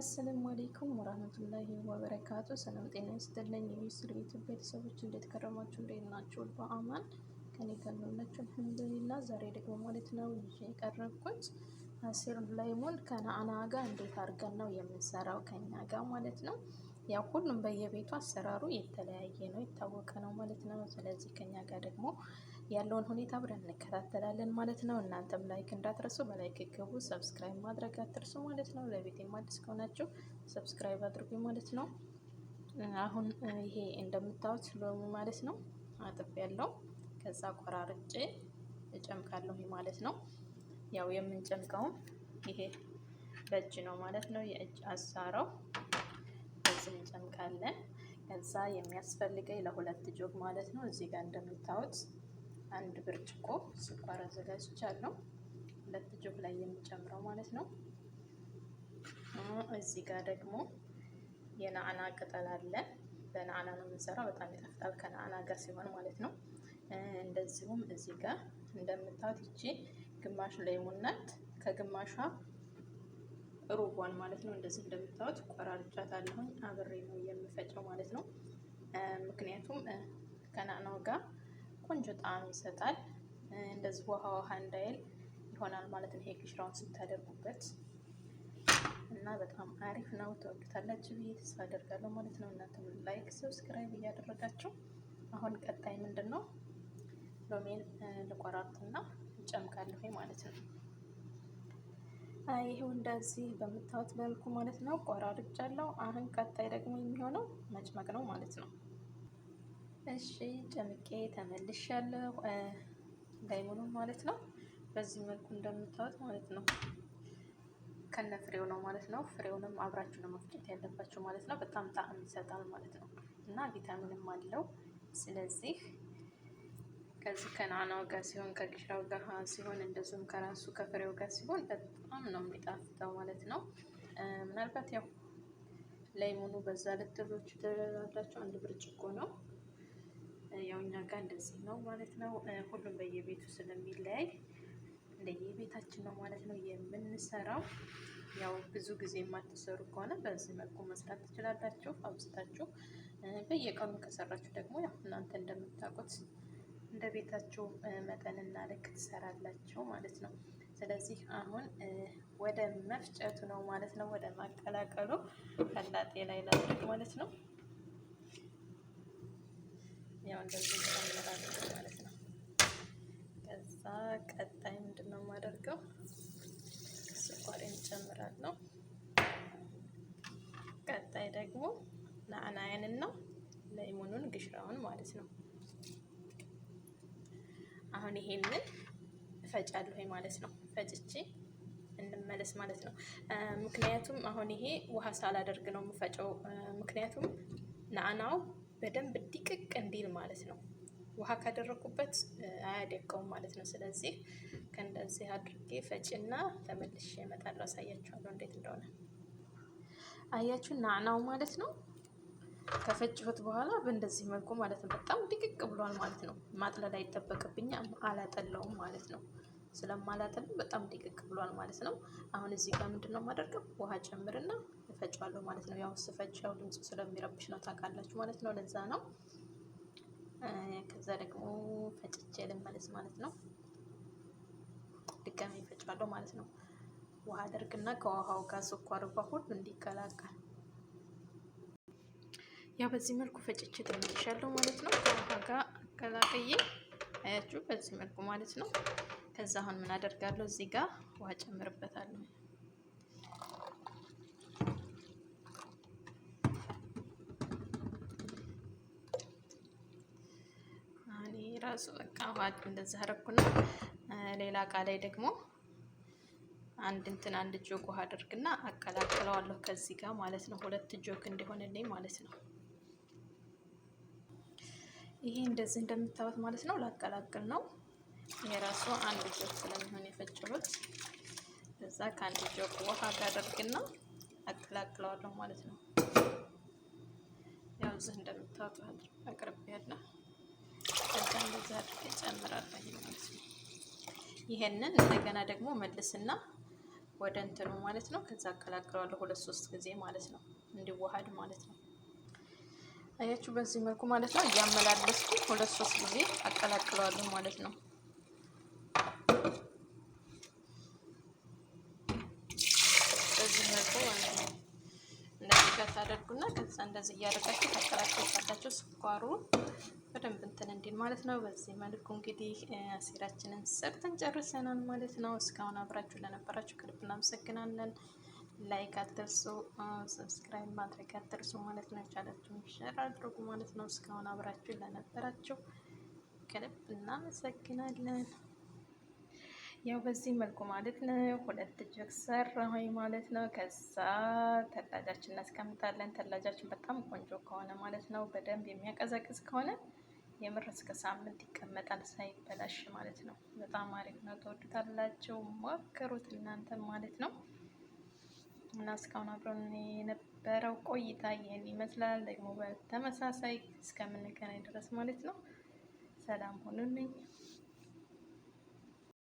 አሰላሙ አሌይኩም ወራህመቱላሂ ወበረካቱ። ሰላም ጤና ይስጥልኝ። የሚስር ቤት ቤተሰቦች እንዴት ከረማችሁ? እንዴት ናችሁ? በአማን ከኔ ከሉላችሁ አልሐምዱሊላ። ዛሬ ደግሞ ማለት ነው ይዤ የቀረብኩት አሲር ላይሞን ከነአና ጋር እንዴት አድርገን ነው የምንሰራው ከኛ ጋር ማለት ነው ያው ሁሉም በየቤቱ አሰራሩ የተለያየ ነው፣ የታወቀ ነው ማለት ነው። ስለዚህ ከኛ ጋር ደግሞ ያለውን ሁኔታ አብረን እንከታተላለን ማለት ነው። እናንተም ላይክ እንዳትረሱ፣ በላይክ ግቡ፣ ሰብስክራይብ ማድረግ አትርሱ ማለት ነው። ለቤቴም አዲስ ከሆናችሁ ሰብስክራይብ አድርጉ ማለት ነው። አሁን ይሄ እንደምታዩት ሎሚ ማለት ነው አጥፍ ያለው ከዛ ቆራርጬ እጨምቃለሁ ማለት ነው። ያው የምንጨምቀውም ይሄ በእጅ ነው ማለት ነው። የእጅ አሳራው እንጨምቃለን። ከዛ የሚያስፈልገኝ ለሁለት ጆግ ማለት ነው። እዚህ ጋር እንደምታዩት አንድ ብርጭቆ ስኳር አዘጋጅቻለሁ። ሁለት ጆግ ላይ የሚጨምረው ማለት ነው። እዚህ ጋር ደግሞ የናዕና ቅጠል አለ። በናዕና ነው የምንሰራው። በጣም ይጣፍጣል ከናና ጋር ሲሆን ማለት ነው። እንደዚሁም እዚህ ጋር እንደምታዩት ይቺ ግማሽ ሌሙን ናት ከግማሿ ሩቧን ማለት ነው። እንደዚህ እንደምታዩት ቆራርጫታለሁ አብሬ ነው የምፈጨው ማለት ነው። ምክንያቱም ከናናው ጋር ቆንጆ ጣዕም ይሰጣል። እንደዚህ ውሃ ውሃ እንዳይል ይሆናል ማለት ነው። ይሄ ኪሽራውን ስታደርጉበት እና በጣም አሪፍ ነው። ተወዱታላችሁ ብዬ ተስፋ አደርጋለሁ ማለት ነው። እናንተም ላይክ፣ ሰብስክራይብ እያደረጋችሁ አሁን ቀጣይ ምንድን ነው ሎሜን ልቆራርጥና እጨምቃለሁ ማለት ነው። ይሄው እንደዚህ በምታዩት መልኩ ማለት ነው ቆራርጫለሁ። አሁን ቀጣይ ደግሞ የሚሆነው መጭመቅ ነው ማለት ነው። እሺ ጨምቄ ተመልሻለሁ። እንዳይሙሉ ማለት ነው። በዚህ መልኩ እንደምታዩት ማለት ነው ከነ ፍሬው ነው ማለት ነው። ፍሬውንም አብራችሁ ነው መፍጨት ያለባችሁ ማለት ነው። በጣም ጣዕም ይሰጣል ማለት ነው እና ቪታሚንም አለው ስለዚህ ከዚህ ከናናው ጋር ሲሆን ከግሽራው ጋር ሲሆን እንደዚሁም ከራሱ ከፍሬው ጋር ሲሆን በጣም ነው የሚጣፍጠው ማለት ነው። ምናልባት ያው ለይሙኑ በዛ ልትሎች ተላላቸው አንድ ብርጭቆ ነው። ያው እኛ ጋር እንደዚህ ነው ማለት ነው። ሁሉም በየቤቱ ስለሚለያይ እንደየቤታችን ነው ማለት ነው የምንሰራው። ያው ብዙ ጊዜ የማትሰሩ ከሆነ በዚህ መልኩ መስራት ትችላላችሁ። አብዝታችሁ በየቀኑ ከሰራችሁ ደግሞ ያው እናንተ እንደምታውቁት እንደ ቤታችሁ መጠንና ልክ ትሰራላችሁ ማለት ነው። ስለዚህ አሁን ወደ መፍጨቱ ነው ማለት ነው፣ ወደ ማቀላቀሉ ከላጤ ላይ ላድርግ ማለት ነው። ያው እንደዚህ ጨምራለሁ ማለት ነው። ከዛ ቀጣይ ምንድን ነው የማደርገው? ስኳር እንጨምራለሁ። ቀጣይ ደግሞ ነው ለይሙኑን ግሽራውን ማለት ነው አሁን ይሄንን እፈጫለሁ ማለት ነው። ፈጭቼ እንመለስ ማለት ነው። ምክንያቱም አሁን ይሄ ውሃ ሳላደርግ ነው የምፈጨው። ምክንያቱም ናአናው በደንብ ድቅቅ እንዲል ማለት ነው። ውሃ ካደረኩበት አያደቀውም ማለት ነው። ስለዚህ ከእንደዚህ አድርጌ ፈጭና ተመልሼ እመጣለሁ። አሳያችኋለሁ እንዴት እንደሆነ አያችሁ ናአናው ማለት ነው። ከፈጭሁት በኋላ በእንደዚህ መልኩ ማለት ነው። በጣም ድቅቅ ብሏል ማለት ነው። ማጥለል አይጠበቅብኝም፣ አላጠለውም ማለት ነው። ስለማላጠለው በጣም ድቅቅ ብሏል ማለት ነው። አሁን እዚህ ጋር ምንድን ነው የማደርገው? ውሃ ጨምርና እፈጫለሁ ማለት ነው። ያው ስፈጫው ድምፁ ስለሚረብሽ ነው ታውቃላችሁ ማለት ነው። ለዛ ነው። ከዛ ደግሞ ፈጭቼ ልመለስ ማለት ነው። ድጋሚ እፈጫዋለሁ ማለት ነው። ውሃ አደርግና ከውሃው ጋር ስኳር ሁሉ እንዲቀላቀል ያው በዚህ መልኩ ፈጭቼ ጠብሻለሁ ማለት ነው። ከውሃ ጋር አቀላቅዬ አያችሁ፣ በዚህ መልኩ ማለት ነው። ከዛ አሁን ምን አደርጋለሁ? እዚህ ጋር ውሃ ጨምርበታለሁ። እኔ ራሱ በቃ ውሃ እንደዚህ አደረኩና ሌላ እቃ ላይ ደግሞ አንድ እንትን አንድ ጆግ ውሃ አድርግና አቀላቅለዋለሁ ከዚህ ጋር ማለት ነው። ሁለት ጆግ እንዲሆንልኝ ማለት ነው። ይሄ እንደዚህ እንደምታዩት ማለት ነው ላቀላቅል ነው። የራሱ አንድ ጆክ ስለሚሆን የፈጨሁት እዛ ከአንድ ጆክ ውሃ ጋደርግና አቀላቅለዋለሁ ማለት ነው። ያው እዚህ እንደምታዩት አቅርቤ ያለ ከዛ እንደዛ አድርጌ ጨምራለሁ ማለት ነው። ይሄንን እንደገና ደግሞ መልስና ወደ እንትኑ ማለት ነው። ከዛ አቀላቅለዋለሁ ሁለት ሶስት ጊዜ ማለት ነው እንዲዋሃድ ማለት ነው። አያችሁ፣ በዚህ መልኩ ማለት ነው እያመላለስኩ ሁለት ሶስት ጊዜ አቀላቅለዋለሁ ማለት ነው። በዚህ መልኩ ማለት ነው እንደዚህ ጋር ታደርጉና ከዛ እንደዚህ እያደረጋችሁ ታቀላቅሉታላችሁ። ስኳሩ በደንብ እንትን እንዲል ማለት ነው። በዚህ መልኩ እንግዲህ አሲራችንን ሰርተን ጨርሰናል ማለት ነው። እስካሁን አብራችሁ ለነበራችሁ ከልብ እናመሰግናለን። ላይክ አትርሱ፣ ሰብስክራይብ ማድረግ አትርሱ ማለት ነው። የቻላችሁን ሼር አድርጉ ማለት ነው። እስካሁን አብራችሁ ለነበራችሁ ከልብ እናመሰግናለን። ያው በዚህ መልኩ ማለት ነው ሁለት ጀግ ሰራሁኝ ማለት ነው። ከዛ ተላጃችን እናስቀምጣለን። ተላጃችን በጣም ቆንጆ ከሆነ ማለት ነው በደንብ የሚያቀዘቅዝ ከሆነ የምር እስከ ሳምንት ይቀመጣል ሳይበላሽ ማለት ነው። በጣም አሪፍ ነው። ተወዱታላችሁ፣ ሞክሩት እናንተ ማለት ነው። እና እስካሁን አብረን የነበረው ቆይታ ይህን ይመስላል። ደግሞ በተመሳሳይ እስከምንገናኝ ድረስ ማለት ነው ሰላም ሁኑልኝ።